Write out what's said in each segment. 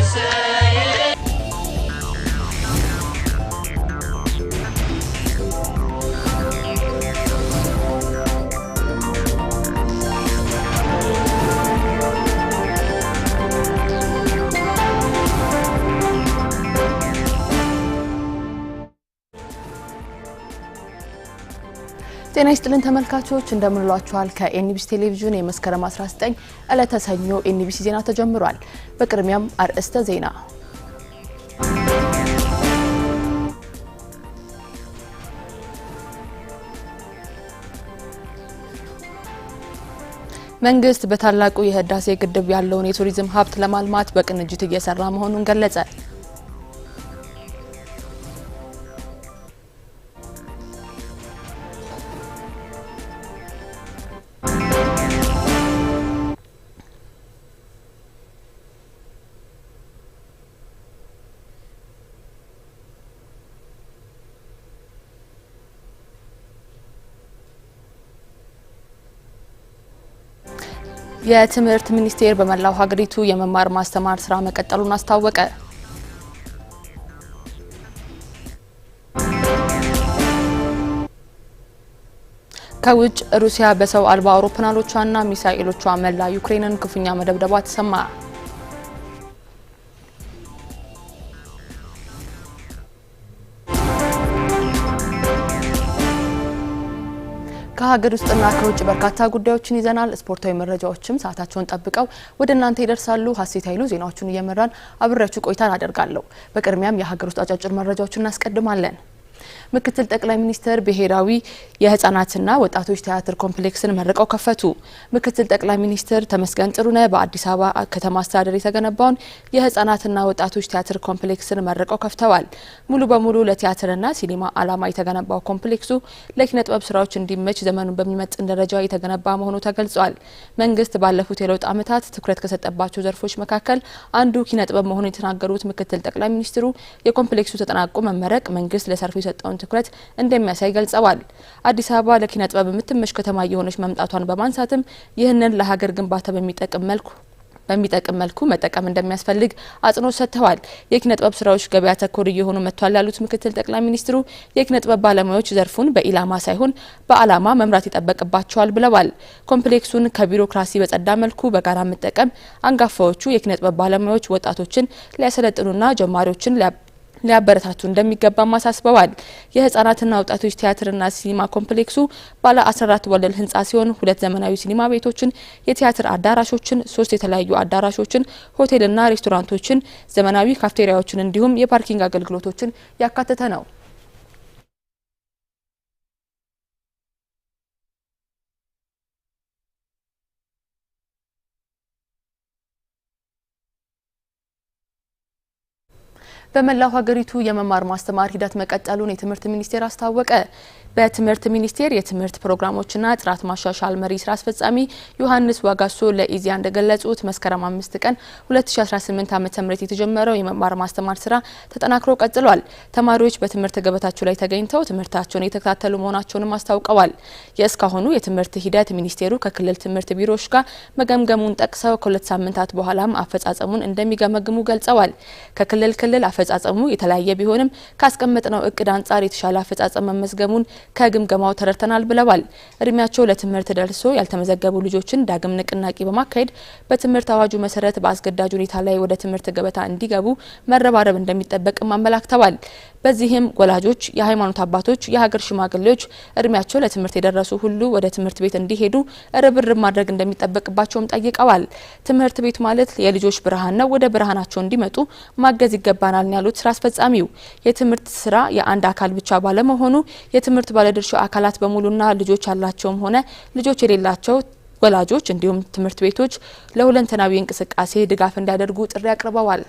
said. ጤና ይስጥልን ተመልካቾች እንደምንሏችኋል። ከኤንቢሲ ቴሌቪዥን የመስከረም 19 ዕለተ ሰኞ ኤንቢሲ ዜና ተጀምሯል። በቅድሚያም አርእስተ ዜና። መንግስት በታላቁ የህዳሴ ግድብ ያለውን የቱሪዝም ሀብት ለማልማት በቅንጅት እየሰራ መሆኑን ገለጸ። የትምህርት ሚኒስቴር በመላው ሀገሪቱ የመማር ማስተማር ስራ መቀጠሉን አስታወቀ። ከውጭ ሩሲያ በሰው አልባ አውሮፕላኖቿና ሚሳኤሎቿ መላ ዩክሬንን ክፉኛ መደብደቧ ተሰማ። ከሀገር ውስጥና ከውጭ በርካታ ጉዳዮችን ይዘናል። ስፖርታዊ መረጃዎችም ሰዓታቸውን ጠብቀው ወደ እናንተ ይደርሳሉ። ሀሴት ኃይሉ ዜናዎቹን እየመራን አብሬያችሁ ቆይታን አደርጋለሁ። በቅድሚያም የሀገር ውስጥ አጫጭር መረጃዎችን እናስቀድማለን። ምክትል ጠቅላይ ሚኒስትር ብሔራዊ የህፃናትና ወጣቶች ቲያትር ኮምፕሌክስን መርቀው ከፈቱ። ምክትል ጠቅላይ ሚኒስትር ተመስገን ጥሩነህ በአዲስ አበባ ከተማ አስተዳደር የተገነባውን የህፃናትና ወጣቶች ቲያትር ኮምፕሌክስን መርቀው ከፍተዋል። ሙሉ በሙሉ ለቲያትርና ሲኒማ ዓላማ የተገነባው ኮምፕሌክሱ ለኪነ ጥበብ ስራዎች እንዲመች ዘመኑን በሚመጥን ደረጃ የተገነባ መሆኑ ተገልጿል። መንግስት ባለፉት የለውጥ ዓመታት ትኩረት ከሰጠባቸው ዘርፎች መካከል አንዱ ኪነ ጥበብ መሆኑን የተናገሩት ምክትል ጠቅላይ ሚኒስትሩ የኮምፕሌክሱ ተጠናቆ መመረቅ መንግስት ለሰርፉ የሰጠውን ትኩረት እንደሚያሳይ ገልጸዋል። አዲስ አበባ ለኪነ ጥበብ የምትመሽ ከተማ እየሆነች መምጣቷን በማንሳትም ይህንን ለሀገር ግንባታ በሚጠቅም መልኩ በሚጠቅም መልኩ መጠቀም እንደሚያስፈልግ አጽንኦት ሰጥተዋል። የኪነ ጥበብ ስራዎች ገበያ ተኮር እየሆኑ መጥቷል ያሉት ምክትል ጠቅላይ ሚኒስትሩ የኪነ ጥበብ ባለሙያዎች ዘርፉን በኢላማ ሳይሆን በዓላማ መምራት ይጠበቅባቸዋል ብለዋል። ኮምፕሌክሱን ከቢሮክራሲ በጸዳ መልኩ በጋራ መጠቀም አንጋፋዎቹ የኪነ ጥበብ ባለሙያዎች ወጣቶችን ሊያሰለጥኑና ጀማሪዎችን ሊያበረታቱ እንደሚገባም አሳስበዋል። የህጻናትና ወጣቶች ቲያትርና ሲኒማ ኮምፕሌክሱ ባለ 14 ወለል ህንፃ ሲሆን ሁለት ዘመናዊ ሲኒማ ቤቶችን፣ የቲያትር አዳራሾችን፣ ሶስት የተለያዩ አዳራሾችን፣ ሆቴልና ሬስቶራንቶችን፣ ዘመናዊ ካፍቴሪያዎችን እንዲሁም የፓርኪንግ አገልግሎቶችን ያካተተ ነው። በመላው ሀገሪቱ የመማር ማስተማር ሂደት መቀጠሉን የትምህርት ሚኒስቴር አስታወቀ። በትምህርት ሚኒስቴር የትምህርት ፕሮግራሞችና ጥራት ማሻሻል መሪ ስራ አስፈጻሚ ዮሐንስ ዋጋሶ ለኢዜአ እንደገለጹት መስከረም አምስት ቀን 2018 ም የተጀመረው የመማር ማስተማር ስራ ተጠናክሮ ቀጥሏል። ተማሪዎች በትምህርት ገበታቸው ላይ ተገኝተው ትምህርታቸውን የተከታተሉ መሆናቸውንም አስታውቀዋል። የእስካሁኑ የትምህርት ሂደት ሚኒስቴሩ ከክልል ትምህርት ቢሮዎች ጋር መገምገሙን ጠቅሰው ከሁለት ሳምንታት በኋላም አፈጻጸሙን እንደሚገመግሙ ገልጸዋል። ከክልል ክልል አፈጻጸሙ የተለያየ ቢሆንም ካስቀመጥነው እቅድ አንጻር የተሻለ አፈጻጸም መመዝገሙን ከግምገማው ተረድተናል ብለዋል። እድሜያቸው ለትምህርት ደርሶ ያልተመዘገቡ ልጆችን ዳግም ንቅናቄ በማካሄድ በትምህርት አዋጁ መሰረት በአስገዳጅ ሁኔታ ላይ ወደ ትምህርት ገበታ እንዲገቡ መረባረብ እንደሚጠበቅም አመላክተዋል። በዚህም ወላጆች፣ የሃይማኖት አባቶች፣ የሀገር ሽማግሌዎች እድሜያቸው ለትምህርት የደረሱ ሁሉ ወደ ትምህርት ቤት እንዲሄዱ ርብርብ ማድረግ እንደሚጠበቅባቸውም ጠይቀዋል። ትምህርት ቤት ማለት የልጆች ብርሃን ነው፣ ወደ ብርሃናቸው እንዲመጡ ማገዝ ይገባናል ያሉት ስራ አስፈጻሚው የትምህርት ስራ የአንድ አካል ብቻ ባለመሆኑ የትምህርት ባለድርሻ አካላት በሙሉና ልጆች ያላቸውም ሆነ ልጆች የሌላቸው ወላጆች እንዲሁም ትምህርት ቤቶች ለሁለንተናዊ እንቅስቃሴ ድጋፍ እንዲያደርጉ ጥሪ አቅርበዋል።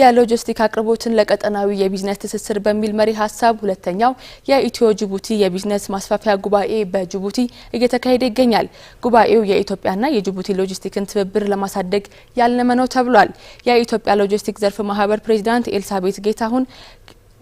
የሎጂስቲክ አቅርቦትን ለቀጠናዊ የቢዝነስ ትስስር በሚል መሪ ሀሳብ ሁለተኛው የኢትዮ ጅቡቲ የቢዝነስ ማስፋፊያ ጉባኤ በጅቡቲ እየተካሄደ ይገኛል። ጉባኤው የኢትዮጵያና የጅቡቲ ሎጂስቲክን ትብብር ለማሳደግ ያለመ ነው ተብሏል። የኢትዮጵያ ሎጂስቲክ ዘርፍ ማህበር ፕሬዚዳንት ኤልሳቤት ጌታሁን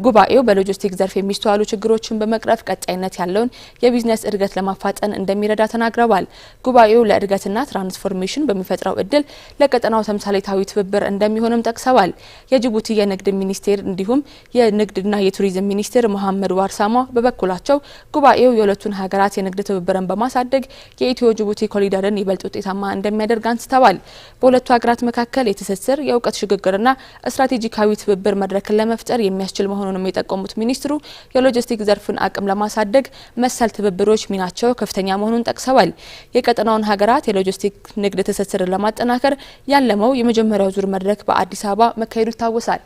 ጉባኤው በሎጂስቲክ ዘርፍ የሚስተዋሉ ችግሮችን በመቅረፍ ቀጣይነት ያለውን የቢዝነስ እድገት ለማፋጠን እንደሚረዳ ተናግረዋል። ጉባኤው ለእድገትና ትራንስፎርሜሽን በሚፈጥረው እድል ለቀጠናው ተምሳሌታዊ ትብብር እንደሚሆንም ጠቅሰዋል። የጅቡቲ የንግድ ሚኒስቴር እንዲሁም የንግድና የቱሪዝም ሚኒስትር መሐመድ ዋርሳማ በበኩላቸው ጉባኤው የሁለቱን ሀገራት የንግድ ትብብርን በማሳደግ የኢትዮ ጅቡቲ ኮሪደርን ይበልጥ ውጤታማ እንደሚያደርግ አንስተዋል። በሁለቱ ሀገራት መካከል የትስስር የእውቀት ሽግግርና ስትራቴጂካዊ ትብብር መድረክን ለመፍጠር የሚያስችል መሆኑ መሆኑንም የጠቆሙት ሚኒስትሩ የሎጂስቲክ ዘርፍን አቅም ለማሳደግ መሰል ትብብሮች ሚናቸው ከፍተኛ መሆኑን ጠቅሰዋል። የቀጠናውን ሀገራት የሎጂስቲክ ንግድ ትስስርን ለማጠናከር ያለመው የመጀመሪያው ዙር መድረክ በአዲስ አበባ መካሄዱ ይታወሳል።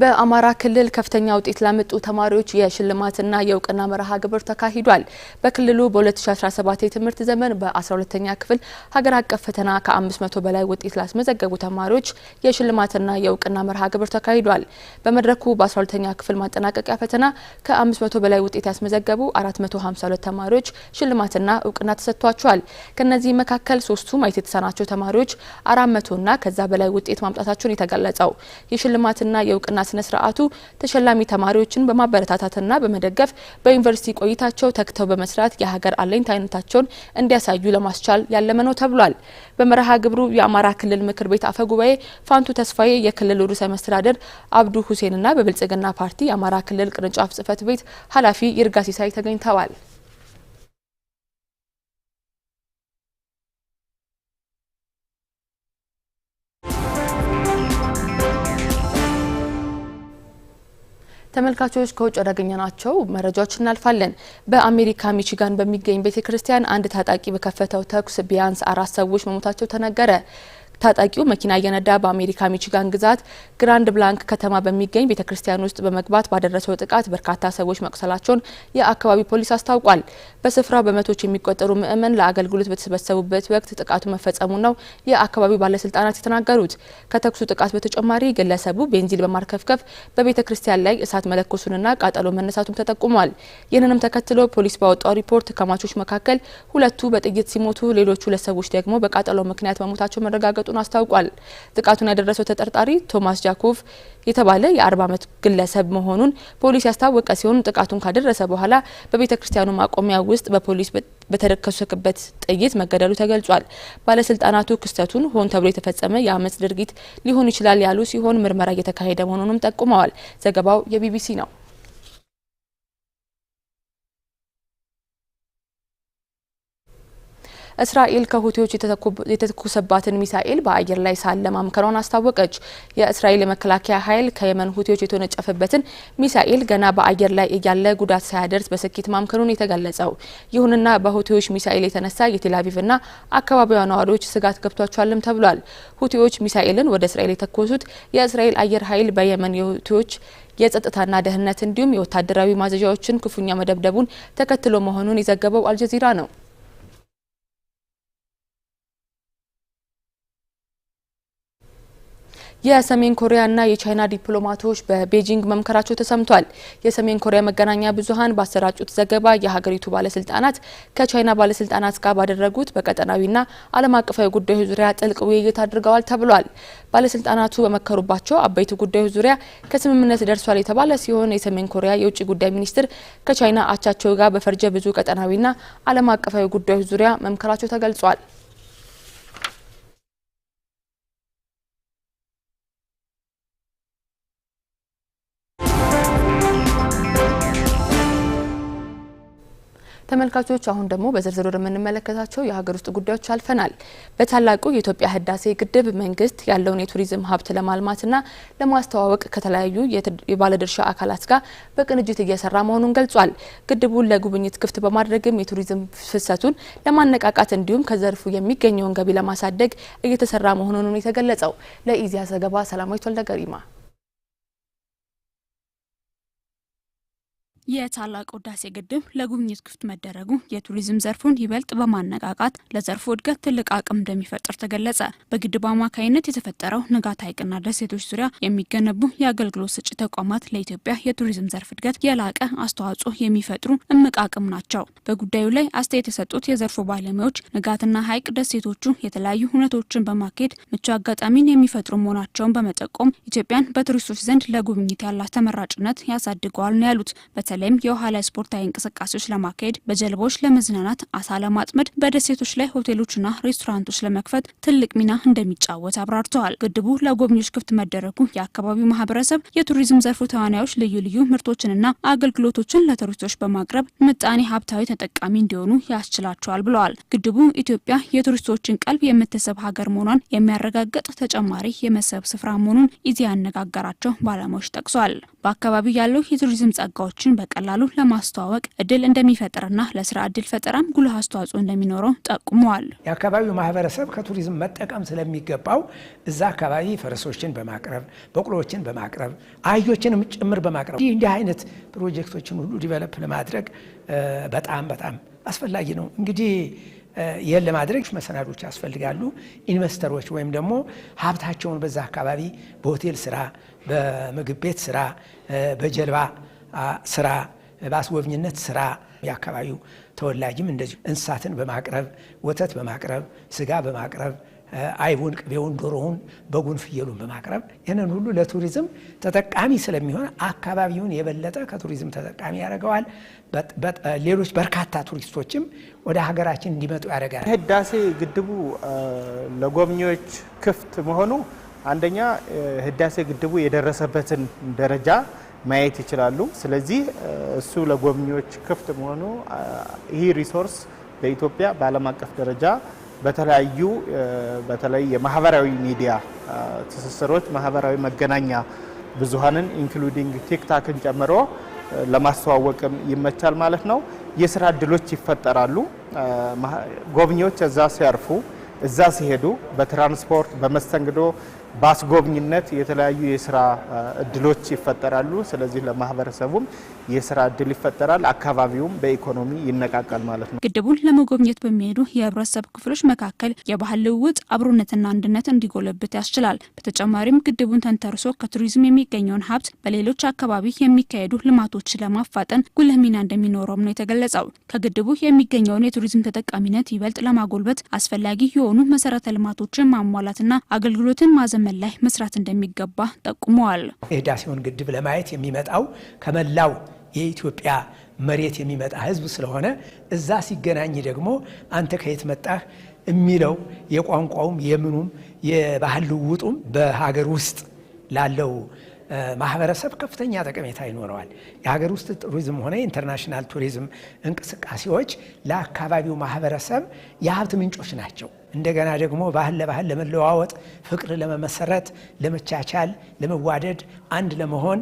በአማራ ክልል ከፍተኛ ውጤት ላመጡ ተማሪዎች የሽልማትና የእውቅና መርሃ ግብር ተካሂዷል። በክልሉ በ2017 የትምህርት ዘመን በ 12 ተኛ ክፍል ሀገር አቀፍ ፈተና ከ500 በላይ ውጤት ላስመዘገቡ ተማሪዎች የሽልማትና የእውቅና መርሃ ግብር ተካሂዷል። በመድረኩ በ12ኛ ክፍል ማጠናቀቂያ ፈተና ከ500 በላይ ውጤት ያስመዘገቡ 452 ተማሪዎች ሽልማትና እውቅና ተሰጥቷቸዋል። ከነዚህ መካከል ሶስቱ ማየት የተሳናቸው ተማሪዎች 400ና ከዛ በላይ ውጤት ማምጣታቸውን የተገለጸው የሽልማትና የእውቅና የእውቅና ስነ ስርዓቱ ተሸላሚ ተማሪዎችን በማበረታታትና በመደገፍ በዩኒቨርሲቲ ቆይታቸው ተክተው በመስራት የሀገር አለኝታነታቸውን እንዲያሳዩ ለማስቻል ያለመ ነው ተብሏል። በመርሃ ግብሩ የአማራ ክልል ምክር ቤት አፈ ጉባኤ ፋንቱ ተስፋዬ፣ የክልሉ ርዕሰ መስተዳደር አብዱ ሁሴንና በብልጽግና ፓርቲ የአማራ ክልል ቅርንጫፍ ጽህፈት ቤት ኃላፊ ይርጋ ሲሳይ ተገኝተዋል። ተመልካቾች ከውጭ ወዳገኘናቸው መረጃዎች እናልፋለን። በአሜሪካ ሚቺጋን በሚገኝ ቤተ ክርስቲያን አንድ ታጣቂ በከፈተው ተኩስ ቢያንስ አራት ሰዎች መሞታቸው ተነገረ። ታጣቂው መኪና እየነዳ በአሜሪካ ሚችጋን ግዛት ግራንድ ብላንክ ከተማ በሚገኝ ቤተ ክርስቲያን ውስጥ በመግባት ባደረሰው ጥቃት በርካታ ሰዎች መቁሰላቸውን የአካባቢው ፖሊስ አስታውቋል። በስፍራው በመቶዎች የሚቆጠሩ ምዕመን ለአገልግሎት በተሰበሰቡበት ወቅት ጥቃቱ መፈጸሙ ነው የአካባቢው ባለስልጣናት የተናገሩት። ከተኩሱ ጥቃት በተጨማሪ ግለሰቡ ቤንዚል በማርከፍከፍ በቤተ ክርስቲያን ላይ እሳት መለኮሱንና ቃጠሎ መነሳቱም ተጠቁሟል። ይህንንም ተከትሎ ፖሊስ ባወጣው ሪፖርት ከሟቾች መካከል ሁለቱ በጥይት ሲሞቱ ሌሎች ሁለት ሰዎች ደግሞ በቃጠሎ ምክንያት መሞታቸው መረጋገጡ መደናገጡን አስታውቋል። ጥቃቱን ያደረሰው ተጠርጣሪ ቶማስ ጃኮቭ የተባለ የ40 ዓመት ግለሰብ መሆኑን ፖሊስ ያስታወቀ ሲሆን ጥቃቱን ካደረሰ በኋላ በቤተ ክርስቲያኑ ማቆሚያ ውስጥ በፖሊስ በተደከሰበት ጥይት መገደሉ ተገልጿል። ባለስልጣናቱ ክስተቱን ሆን ተብሎ የተፈጸመ የአመፅ ድርጊት ሊሆን ይችላል ያሉ ሲሆን ምርመራ እየተካሄደ መሆኑንም ጠቁመዋል። ዘገባው የቢቢሲ ነው። እስራኤል ከሁቲዎች የተተኮሰባትን ሚሳኤል በአየር ላይ ሳለ ማምከኗን አስታወቀች። የእስራኤል የመከላከያ ኃይል ከየመን ሁቲዎች የተወነጨፈበትን ሚሳኤል ገና በአየር ላይ እያለ ጉዳት ሳያደርስ በስኬት ማምከኑን የተገለጸው። ይሁንና በሁቲዎች ሚሳኤል የተነሳ የቴላቪቭና አካባቢዋ ነዋሪዎች ስጋት ገብቷቸዋልም ተብሏል። ሁቲዎች ሚሳኤልን ወደ እስራኤል የተኮሱት የእስራኤል አየር ኃይል በየመን የሁቲዎች የጸጥታና ደህንነት እንዲሁም የወታደራዊ ማዘዣዎችን ክፉኛ መደብደቡን ተከትሎ መሆኑን የዘገበው አልጀዚራ ነው። የሰሜን ኮሪያና የቻይና ዲፕሎማቶች በቤጂንግ መምከራቸው ተሰምቷል። የሰሜን ኮሪያ መገናኛ ብዙኃን ባሰራጩት ዘገባ የሀገሪቱ ባለስልጣናት ከቻይና ባለስልጣናት ጋር ባደረጉት በቀጠናዊና ዓለም አቀፋዊ ጉዳዮች ዙሪያ ጥልቅ ውይይት አድርገዋል ተብሏል። ባለስልጣናቱ በመከሩባቸው አበይት ጉዳዮች ዙሪያ ከስምምነት ደርሷል የተባለ ሲሆን የሰሜን ኮሪያ የውጭ ጉዳይ ሚኒስትር ከቻይና አቻቸው ጋር በፈርጀ ብዙ ቀጠናዊና ዓለም አቀፋዊ ጉዳዮች ዙሪያ መምከራቸው ተገልጿል። ተመልካቾች አሁን ደግሞ በዝርዝሩ ወደምንመለከታቸው የሀገር ውስጥ ጉዳዮች አልፈናል። በታላቁ የኢትዮጵያ ህዳሴ ግድብ መንግስት ያለውን የቱሪዝም ሀብት ለማልማትና ለማስተዋወቅ ከተለያዩ የባለድርሻ አካላት ጋር በቅንጅት እየሰራ መሆኑን ገልጿል። ግድቡን ለጉብኝት ክፍት በማድረግም የቱሪዝም ፍሰቱን ለማነቃቃት እንዲሁም ከዘርፉ የሚገኘውን ገቢ ለማሳደግ እየተሰራ መሆኑን የተገለጸው ለኢዜአ ዘገባ ሰላማዊት ወልደገሪማ የታላቁ ህዳሴ ግድብ ለጉብኝት ክፍት መደረጉ የቱሪዝም ዘርፉን ይበልጥ በማነቃቃት ለዘርፉ እድገት ትልቅ አቅም እንደሚፈጥር ተገለጸ። በግድቡ አማካይነት የተፈጠረው ንጋት ሐይቅና ደሴቶች ዙሪያ የሚገነቡ የአገልግሎት ሰጪ ተቋማት ለኢትዮጵያ የቱሪዝም ዘርፍ እድገት የላቀ አስተዋጽኦ የሚፈጥሩ እምቅ አቅም ናቸው። በጉዳዩ ላይ አስተያየት የሰጡት የዘርፉ ባለሙያዎች ንጋትና ሐይቅ ደሴቶቹ የተለያዩ ሁነቶችን በማካሄድ ምቹ አጋጣሚን የሚፈጥሩ መሆናቸውን በመጠቆም ኢትዮጵያን በቱሪስቶች ዘንድ ለጉብኝት ያላት ተመራጭነት ያሳድገዋል ነው ያሉት። በተለይም የውሃ ላይ ስፖርታዊ እንቅስቃሴዎች ለማካሄድ፣ በጀልባዎች ለመዝናናት፣ አሳ ለማጥመድ፣ በደሴቶች ላይ ሆቴሎችና ሬስቶራንቶች ለመክፈት ትልቅ ሚና እንደሚጫወት አብራርተዋል። ግድቡ ለጎብኚዎች ክፍት መደረጉ የአካባቢው ማህበረሰብ፣ የቱሪዝም ዘርፉ ተዋናዮች ልዩ ልዩ ምርቶችንና አገልግሎቶችን ለቱሪስቶች በማቅረብ ምጣኔ ሀብታዊ ተጠቃሚ እንዲሆኑ ያስችላቸዋል ብለዋል። ግድቡ ኢትዮጵያ የቱሪስቶችን ቀልብ የምትስብ ሀገር መሆኗን የሚያረጋግጥ ተጨማሪ የመስህብ ስፍራ መሆኑን ኢዜአ ያነጋገራቸው ባለሙያዎች ጠቅሷል። በአካባቢው ያሉ የቱሪዝም ጸጋዎችን በቀላሉ ለማስተዋወቅ እድል እንደሚፈጥርና ለስራ እድል ፈጠራም ጉልህ አስተዋጽኦ እንደሚኖረው ጠቁመዋል። የአካባቢው ማህበረሰብ ከቱሪዝም መጠቀም ስለሚገባው እዛ አካባቢ ፈረሶችን በማቅረብ በቅሎዎችን በማቅረብ አህዮችንም ጭምር በማቅረብ እንዲህ አይነት ፕሮጀክቶችን ሁሉ ዲቨሎፕ ለማድረግ በጣም በጣም አስፈላጊ ነው እንግዲህ ይህን ለማድረግ መሰናዶች ያስፈልጋሉ። ኢንቨስተሮች ወይም ደግሞ ሀብታቸውን በዛ አካባቢ በሆቴል ስራ፣ በምግብ ቤት ስራ፣ በጀልባ ስራ፣ በአስጎብኝነት ስራ የአካባቢው ተወላጅም እንደዚሁ እንስሳትን በማቅረብ ወተት በማቅረብ ስጋ በማቅረብ አይቡን፣ ቅቤውን፣ ዶሮውን፣ በጉን፣ ፍየሉን በማቅረብ ይህንን ሁሉ ለቱሪዝም ተጠቃሚ ስለሚሆን አካባቢውን የበለጠ ከቱሪዝም ተጠቃሚ ያደርገዋል። ሌሎች በርካታ ቱሪስቶችም ወደ ሀገራችን እንዲመጡ ያደርጋል። ህዳሴ ግድቡ ለጎብኚዎች ክፍት መሆኑ አንደኛ ህዳሴ ግድቡ የደረሰበትን ደረጃ ማየት ይችላሉ። ስለዚህ እሱ ለጎብኚዎች ክፍት መሆኑ ይህ ሪሶርስ በኢትዮጵያ በዓለም አቀፍ ደረጃ በተለያዩ በተለይ የማህበራዊ ሚዲያ ትስስሮች ማህበራዊ መገናኛ ብዙሃንን ኢንክሉዲንግ ቲክታክን ጨምሮ ለማስተዋወቅም ይመቻል ማለት ነው። የስራ እድሎች ይፈጠራሉ። ጎብኚዎች እዛ ሲያርፉ እዛ ሲሄዱ በትራንስፖርት በመስተንግዶ በአስጎብኝነት የተለያዩ የስራ እድሎች ይፈጠራሉ። ስለዚህ ለማህበረሰቡም የስራ እድል ይፈጠራል። አካባቢውም በኢኮኖሚ ይነቃቃል ማለት ነው። ግድቡን ለመጎብኘት በሚሄዱ የህብረተሰብ ክፍሎች መካከል የባህል ልውውጥ፣ አብሮነትና አንድነት እንዲጎለብት ያስችላል። በተጨማሪም ግድቡን ተንተርሶ ከቱሪዝም የሚገኘውን ሀብት በሌሎች አካባቢ የሚካሄዱ ልማቶች ለማፋጠን ጉልህ ሚና እንደሚኖረውም ነው የተገለጸው። ከግድቡ የሚገኘውን የቱሪዝም ተጠቃሚነት ይበልጥ ለማጎልበት አስፈላጊ የሆኑ መሰረተ ልማቶችን ማሟላትና አገልግሎትን ማዘመን ላይ መስራት እንደሚገባ ጠቁመዋል። የህዳሴውን ግድብ ለማየት የሚመጣው ከመላው የኢትዮጵያ መሬት የሚመጣ ህዝብ ስለሆነ እዛ ሲገናኝ ደግሞ አንተ ከየት መጣህ የሚለው የቋንቋውም የምኑም የባህል ልውጡም በሀገር ውስጥ ላለው ማህበረሰብ ከፍተኛ ጠቀሜታ ይኖረዋል። የሀገር ውስጥ ቱሪዝም ሆነ የኢንተርናሽናል ቱሪዝም እንቅስቃሴዎች ለአካባቢው ማህበረሰብ የሀብት ምንጮች ናቸው። እንደገና ደግሞ ባህል ለባህል ለመለዋወጥ፣ ፍቅር ለመመሰረት፣ ለመቻቻል፣ ለመዋደድ፣ አንድ ለመሆን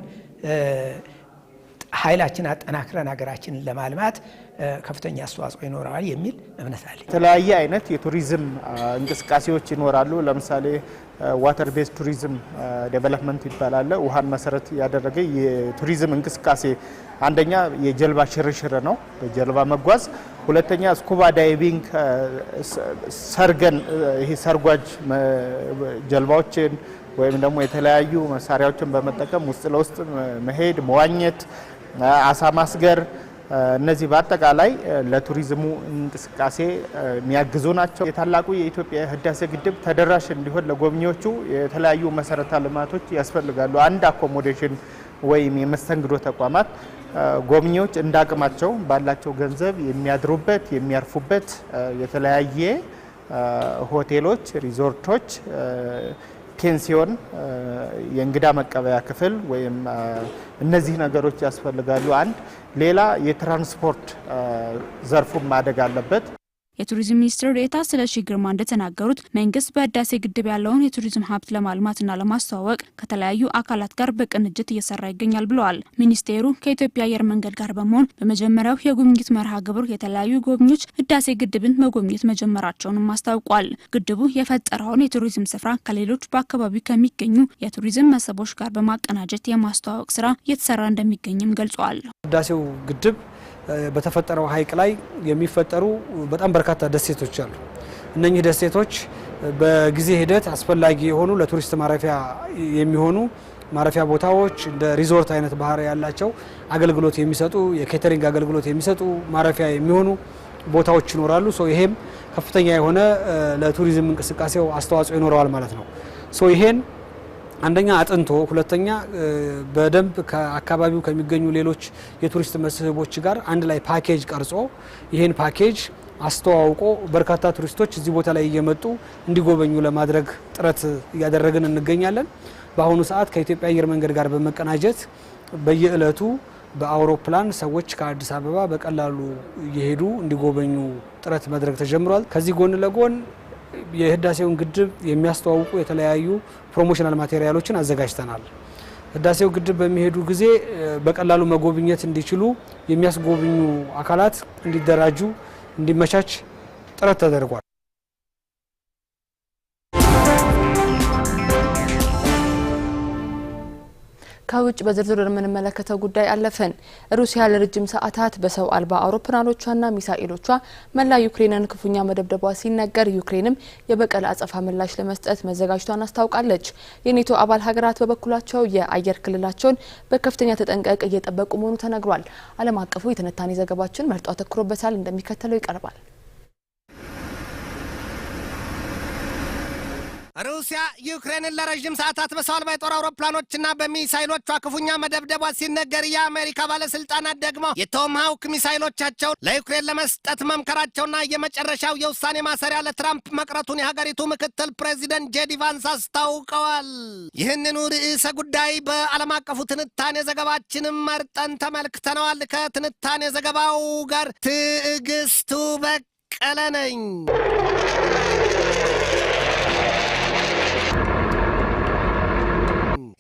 ኃይላችን አጠናክረን ሀገራችንን ለማልማት ከፍተኛ አስተዋጽኦ ይኖረዋል የሚል እምነት አለ። የተለያየ አይነት የቱሪዝም እንቅስቃሴዎች ይኖራሉ። ለምሳሌ ዋተር ቤዝ ቱሪዝም ዴቨሎፕመንት ይባላል። ውሃን መሰረት ያደረገ የቱሪዝም እንቅስቃሴ አንደኛ የጀልባ ሽርሽር ነው፣ በጀልባ መጓዝ። ሁለተኛ ስኩባ ዳይቪንግ፣ ሰርገን፣ ይሄ ሰርጓጅ ጀልባዎችን ወይም ደግሞ የተለያዩ መሳሪያዎችን በመጠቀም ውስጥ ለውስጥ መሄድ መዋኘት አሳ ማስገር እነዚህ በአጠቃላይ ለቱሪዝሙ እንቅስቃሴ የሚያግዙ ናቸው። የታላቁ የኢትዮጵያ ህዳሴ ግድብ ተደራሽ እንዲሆን ለጎብኚዎቹ የተለያዩ መሰረተ ልማቶች ያስፈልጋሉ። አንድ አኮሞዴሽን ወይም የመስተንግዶ ተቋማት ጎብኚዎች እንደ አቅማቸው ባላቸው ገንዘብ የሚያድሩበት የሚያርፉበት የተለያየ ሆቴሎች፣ ሪዞርቶች ፔንሲዮን፣ የእንግዳ መቀበያ ክፍል ወይም እነዚህ ነገሮች ያስፈልጋሉ። አንድ ሌላ የትራንስፖርት ዘርፉም ማደግ አለበት። የቱሪዝም ሚኒስትር ዴኤታ ስለሺ ግርማ እንደተናገሩት መንግስት በህዳሴ ግድብ ያለውን የቱሪዝም ሀብት ለማልማትና ለማስተዋወቅ ከተለያዩ አካላት ጋር በቅንጅት እየሰራ ይገኛል ብለዋል። ሚኒስቴሩ ከኢትዮጵያ አየር መንገድ ጋር በመሆን በመጀመሪያው የጉብኝት መርሃ ግብር የተለያዩ ጎብኚዎች ህዳሴ ግድብን መጎብኘት መጀመራቸውንም አስታውቋል። ግድቡ የፈጠረውን የቱሪዝም ስፍራ ከሌሎች በአካባቢው ከሚገኙ የቱሪዝም መስህቦች ጋር በማቀናጀት የማስተዋወቅ ስራ እየተሰራ እንደሚገኝም ገልጿል። ህዳሴው ግድብ በተፈጠረው ሀይቅ ላይ የሚፈጠሩ በጣም በርካታ ደሴቶች አሉ። እነኚህ ደሴቶች በጊዜ ሂደት አስፈላጊ የሆኑ ለቱሪስት ማረፊያ የሚሆኑ ማረፊያ ቦታዎች እንደ ሪዞርት አይነት ባህር ያላቸው አገልግሎት የሚሰጡ የኬተሪንግ አገልግሎት የሚሰጡ ማረፊያ የሚሆኑ ቦታዎች ይኖራሉ። ሶ ይሄም ከፍተኛ የሆነ ለቱሪዝም እንቅስቃሴው አስተዋጽኦ ይኖረዋል ማለት ነው። ሶ ይሄን አንደኛ አጥንቶ ሁለተኛ በደንብ ከአካባቢው ከሚገኙ ሌሎች የቱሪስት መስህቦች ጋር አንድ ላይ ፓኬጅ ቀርጾ ይህን ፓኬጅ አስተዋውቆ በርካታ ቱሪስቶች እዚህ ቦታ ላይ እየመጡ እንዲጎበኙ ለማድረግ ጥረት እያደረግን እንገኛለን። በአሁኑ ሰዓት ከኢትዮጵያ አየር መንገድ ጋር በመቀናጀት በየእለቱ በአውሮፕላን ሰዎች ከአዲስ አበባ በቀላሉ እየሄዱ እንዲጎበኙ ጥረት መድረግ ተጀምሯል። ከዚህ ጎን ለጎን የህዳሴውን ግድብ የሚያስተዋውቁ የተለያዩ ፕሮሞሽናል ማቴሪያሎችን አዘጋጅተናል። ህዳሴው ግድብ በሚሄዱ ጊዜ በቀላሉ መጎብኘት እንዲችሉ የሚያስጎብኙ አካላት እንዲደራጁ እንዲመቻች ጥረት ተደርጓል። ከውጭ በዝርዝር የምንመለከተው ጉዳይ አለፈን። ሩሲያ ለረጅም ሰዓታት በሰው አልባ አውሮፕላኖቿና ሚሳኤሎቿ መላ ዩክሬንን ክፉኛ መደብደቧ ሲነገር ዩክሬንም የበቀል አጸፋ ምላሽ ለመስጠት መዘጋጅቷን አስታውቃለች። የኔቶ አባል ሀገራት በበኩላቸው የአየር ክልላቸውን በከፍተኛ ተጠንቀቅ እየጠበቁ መሆኑ ተነግሯል። ዓለም አቀፉ የትንታኔ ዘገባችን መርጦ አተኩሮበታል፣ እንደሚከተለው ይቀርባል። ሩሲያ ዩክሬንን ለረዥም ሰዓታት በሰው አልባ የጦር አውሮፕላኖችና በሚሳይሎቿ ክፉኛ መደብደቧ ሲነገር የአሜሪካ ባለስልጣናት ደግሞ የቶማሃውክ ሚሳይሎቻቸው ለዩክሬን ለመስጠት መምከራቸውና የመጨረሻው የውሳኔ ማሰሪያ ለትራምፕ መቅረቱን የሀገሪቱ ምክትል ፕሬዚደንት ጄዲ ቫንስ አስታውቀዋል። ይህንኑ ርዕሰ ጉዳይ በዓለም አቀፉ ትንታኔ ዘገባችንም መርጠን ተመልክተነዋል። ከትንታኔ ዘገባው ጋር ትዕግስቱ በቀለ ነኝ።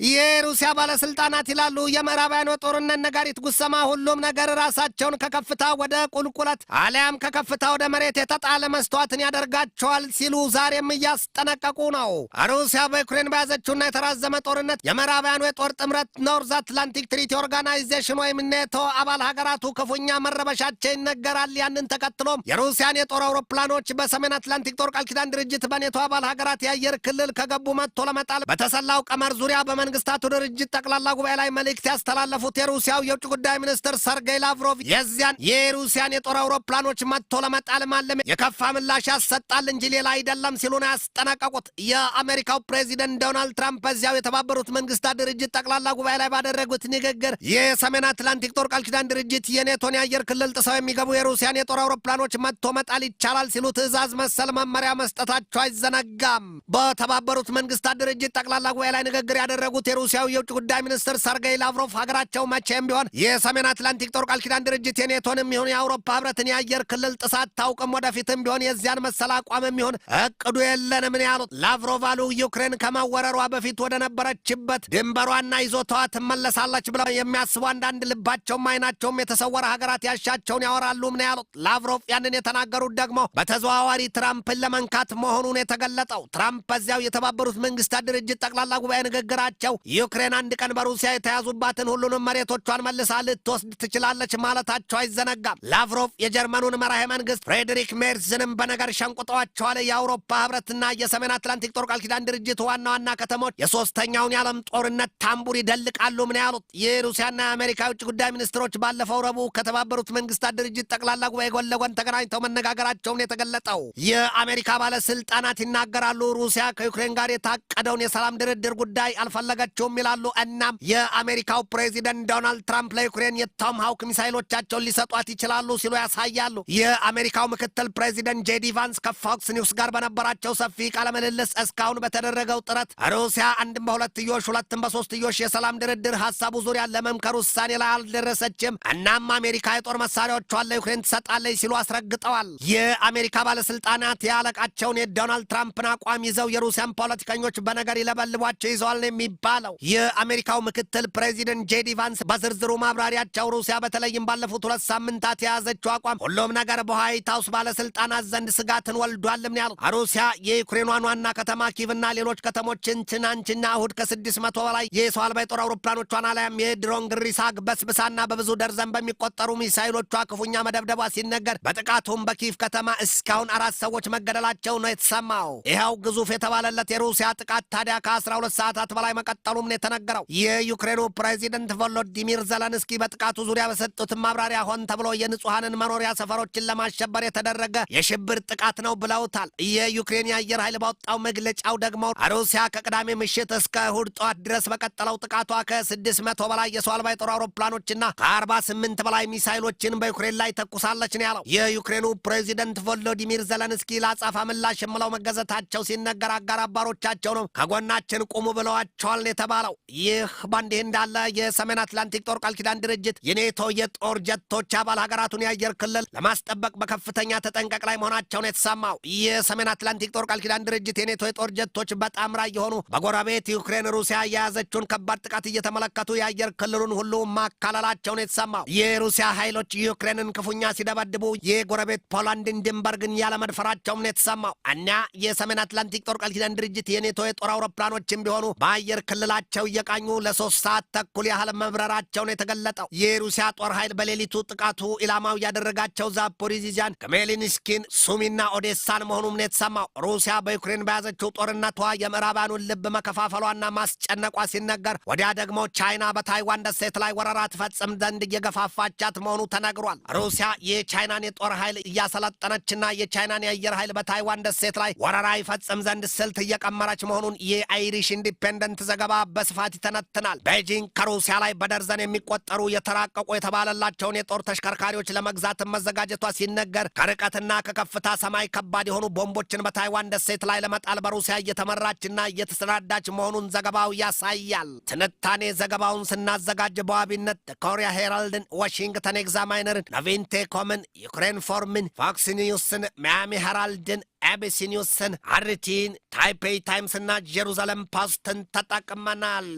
የሩሲያ ባለስልጣናት ይላሉ የምዕራባውያኑ ጦርነት ነጋሪት ጉሰማ ሁሉም ነገር ራሳቸውን ከከፍታ ወደ ቁልቁለት አሊያም ከከፍታ ወደ መሬት የተጣለ መስተዋትን ያደርጋቸዋል ሲሉ ዛሬም እያስጠነቀቁ ነው። ሩሲያ በዩክሬን በያዘችውና የተራዘመ ጦርነት የምዕራባውያኑ የጦር ጥምረት ኖርዝ አትላንቲክ ትሪቲ ኦርጋናይዜሽን ወይም ኔቶ አባል ሀገራቱ ክፉኛ መረበሻቸው ይነገራል። ያንን ተከትሎም የሩሲያን የጦር አውሮፕላኖች በሰሜን አትላንቲክ ጦር ቃል ኪዳን ድርጅት በኔቶ አባል ሀገራት የአየር ክልል ከገቡ መጥቶ ለመጣል በተሰላው ቀመር ዙሪያ በመን መንግስታቱ ድርጅት ጠቅላላ ጉባኤ ላይ መልእክት ያስተላለፉት የሩሲያው የውጭ ጉዳይ ሚኒስትር ሰርጌይ ላቭሮቭ የዚያን የሩሲያን የጦር አውሮፕላኖች መጥቶ ለመጣል ማለም የከፋ ምላሽ ያሰጣል እንጂ ሌላ አይደለም ሲሉ ነው ያስጠነቀቁት። የአሜሪካው ፕሬዚደንት ዶናልድ ትራምፕ በዚያው የተባበሩት መንግስታት ድርጅት ጠቅላላ ጉባኤ ላይ ባደረጉት ንግግር የሰሜን አትላንቲክ ጦር ቃል ኪዳን ድርጅት የኔቶን የአየር ክልል ጥሰው የሚገቡ የሩሲያን የጦር አውሮፕላኖች መጥቶ መጣል ይቻላል ሲሉ ትዕዛዝ መሰል መመሪያ መስጠታቸው አይዘነጋም። በተባበሩት መንግስታት ድርጅት ጠቅላላ ጉባኤ ላይ ንግግር ያደረጉት ያደረጉት የሩሲያው የውጭ ጉዳይ ሚኒስትር ሰርገይ ላቭሮቭ ሀገራቸው መቼም ቢሆን የሰሜን አትላንቲክ ጦር ቃል ኪዳን ድርጅት የኔቶን የሚሆን የአውሮፓ ህብረትን የአየር ክልል ጥሳት ታውቅም ወደፊትም ቢሆን የዚያን መሰል አቋም የሚሆን እቅዱ የለንም ነው ያሉት። ላቭሮቭ አሉ ዩክሬን ከመወረሯ በፊት ወደ ነበረችበት ድንበሯና ይዞታዋ ትመለሳለች ብለው የሚያስቡ አንዳንድ ልባቸውም አይናቸውም የተሰወረ ሀገራት ያሻቸውን ያወራሉም ነው ያሉት። ላቭሮቭ ያንን የተናገሩት ደግሞ በተዘዋዋሪ ትራምፕን ለመንካት መሆኑን የተገለጠው ትራምፕ በዚያው የተባበሩት መንግስታት ድርጅት ጠቅላላ ጉባኤ ንግግራቸው ያለው ዩክሬን አንድ ቀን በሩሲያ የተያዙባትን ሁሉንም መሬቶቿን መልሳ ልትወስድ ትችላለች ማለታቸው አይዘነጋም። ላቭሮቭ የጀርመኑን መራሄ መንግስት ፍሬድሪክ ሜርዝንም በነገር ሸንቁጠዋቸዋል። የአውሮፓ ህብረትና የሰሜን አትላንቲክ ጦር ቃል ኪዳን ድርጅት ዋና ዋና ከተሞች የሶስተኛውን የዓለም ጦርነት ታምቡር ይደልቃሉ። ምን ያሉት ይህ ሩሲያና የአሜሪካ የውጭ ጉዳይ ሚኒስትሮች ባለፈው ረቡዕ ከተባበሩት መንግስታት ድርጅት ጠቅላላ ጉባኤ ጎን ለጎን ተገናኝተው መነጋገራቸውን የተገለጠው የአሜሪካ ባለስልጣናት ይናገራሉ። ሩሲያ ከዩክሬን ጋር የታቀደውን የሰላም ድርድር ጉዳይ አልፈለገ አላደረገችውም ይላሉ። እናም የአሜሪካው ፕሬዚደንት ዶናልድ ትራምፕ ለዩክሬን የቶማሃውክ ሚሳይሎቻቸውን ሊሰጧት ይችላሉ ሲሉ ያሳያሉ። የአሜሪካው ምክትል ፕሬዚደንት ጄዲ ቫንስ ከፎክስ ኒውስ ጋር በነበራቸው ሰፊ ቃለ ምልልስ እስካሁን በተደረገው ጥረት ሩሲያ አንድም በሁለትዮሽ ሁለትም በሶስትዮሽ የሰላም ድርድር ሀሳቡ ዙሪያ ለመምከር ውሳኔ ላይ አልደረሰችም። እናም አሜሪካ የጦር መሳሪያዎቿን ለዩክሬን ትሰጣለች ሲሉ አስረግጠዋል። የአሜሪካ ባለስልጣናት የአለቃቸውን የዶናልድ ትራምፕን አቋም ይዘው የሩሲያን ፖለቲከኞች በነገር ይለበልቧቸው ይዘዋል የሚባል የተባለው። የአሜሪካው ምክትል ፕሬዚደንት ጄዲ ቫንስ በዝርዝሩ ማብራሪያቸው ሩሲያ በተለይም ባለፉት ሁለት ሳምንታት የያዘችው አቋም ሁሉም ነገር በዋይት ሀውስ ባለስልጣናት ዘንድ ስጋትን ወልዷልም ያሉ ሩሲያ የዩክሬኗን ዋና ከተማ ኪቭና ሌሎች ከተሞችን ትናንትና እሁድ ከስድስት መቶ በላይ የሰው አልባ የጦር አውሮፕላኖቿን አላያም የድሮን ግሪሳ በስብሳና በብዙ ደርዘን በሚቆጠሩ ሚሳይሎቿ ክፉኛ መደብደቧ ሲነገር በጥቃቱም በኪቭ ከተማ እስካሁን አራት ሰዎች መገደላቸው ነው የተሰማው። ይኸው ግዙፍ የተባለለት የሩሲያ ጥቃት ታዲያ ከአስራ ሁለት ሰዓታት በላይ መቀጠ እንደቀጠሉም ነው የተነገረው። የዩክሬኑ ፕሬዚደንት ቮሎዲሚር ዘለንስኪ በጥቃቱ ዙሪያ በሰጡት ማብራሪያ ሆን ተብሎ የንጹሐንን መኖሪያ ሰፈሮችን ለማሸበር የተደረገ የሽብር ጥቃት ነው ብለውታል። የዩክሬን የአየር ኃይል ባወጣው መግለጫው ደግሞ ሩሲያ ከቅዳሜ ምሽት እስከ እሁድ ጠዋት ድረስ በቀጠለው ጥቃቷ ከስድስት መቶ በላይ የሰው አልባ የጦር አውሮፕላኖችና ከአርባ ስምንት በላይ ሚሳይሎችን በዩክሬን ላይ ተኩሳለች ነው ያለው። የዩክሬኑ ፕሬዚደንት ቮሎዲሚር ዘለንስኪ ለአጻፋ ምላሽ የምለው መገዘታቸው ሲነገር አጋር አባሮቻቸው ነው ከጎናችን ቁሙ ብለዋቸዋል። ተፈጽሟል የተባለው። ይህ በእንዲህ እንዳለ የሰሜን አትላንቲክ ጦር ቃል ኪዳን ድርጅት የኔቶ የጦር ጀቶች አባል ሀገራቱን የአየር ክልል ለማስጠበቅ በከፍተኛ ተጠንቀቅ ላይ መሆናቸውን የተሰማው የሰሜን አትላንቲክ ጦር ቃል ኪዳን ድርጅት የኔቶ የጦር ጀቶች በጣምራ የሆኑ በጎረቤት ዩክሬን ሩሲያ የያዘችውን ከባድ ጥቃት እየተመለከቱ የአየር ክልሉን ሁሉ ማካለላቸውን የተሰማው የሩሲያ ኃይሎች ዩክሬንን ክፉኛ ሲደበድቡ የጎረቤት ፖላንድን ድንበር ግን ያለመድፈራቸውም ነው የተሰማው እና የሰሜን አትላንቲክ ጦር ቃል ኪዳን ድርጅት የኔቶ የጦር አውሮፕላኖችም ቢሆኑ በአየር ክልላቸው እየቃኙ ለሶስት ሰዓት ተኩል ያህል መብረራቸውን የተገለጠው የሩሲያ ጦር ኃይል በሌሊቱ ጥቃቱ ኢላማው ያደረጋቸው ዛፖሪዚዣን፣ ከሜሊንስኪን ሱሚና ኦዴሳን መሆኑም ነው የተሰማው። ሩሲያ በዩክሬን በያዘችው ጦርነቷ የምዕራባኑን ልብ መከፋፈሏና ማስጨነቋ ሲነገር፣ ወዲያ ደግሞ ቻይና በታይዋን ደሴት ላይ ወረራ ትፈጽም ዘንድ እየገፋፋቻት መሆኑ ተነግሯል። ሩሲያ የቻይናን የጦር ኃይል እያሰለጠነችና የቻይናን የአየር ኃይል በታይዋን ደሴት ላይ ወረራ ይፈጽም ዘንድ ስልት እየቀመረች መሆኑን የአይሪሽ ኢንዲፔንደንት ዘገባ በስፋት ይተነትናል። ቤጂንግ ከሩሲያ ላይ በደርዘን የሚቆጠሩ የተራቀቁ የተባለላቸውን የጦር ተሽከርካሪዎች ለመግዛት መዘጋጀቷ ሲነገር፣ ከርቀትና ከከፍታ ሰማይ ከባድ የሆኑ ቦምቦችን በታይዋን ደሴት ላይ ለመጣል በሩሲያ እየተመራችና እየተሰናዳች መሆኑን ዘገባው ያሳያል። ትንታኔ ዘገባውን ስናዘጋጅ በዋቢነት ኮሪያ ሄራልድን፣ ዋሽንግተን ኤግዛማይነርን፣ ነቪንቴ ኮምን፣ ዩክሬን ፎርምን፣ ፎክስ ኒውስን፣ ሚያሚ ሄራልድን አቢሲኒዮስን፣ አርቲን፣ ታይፔይ ታይምስና ጀሩዛለም ፖስትን ተጠቅመናል።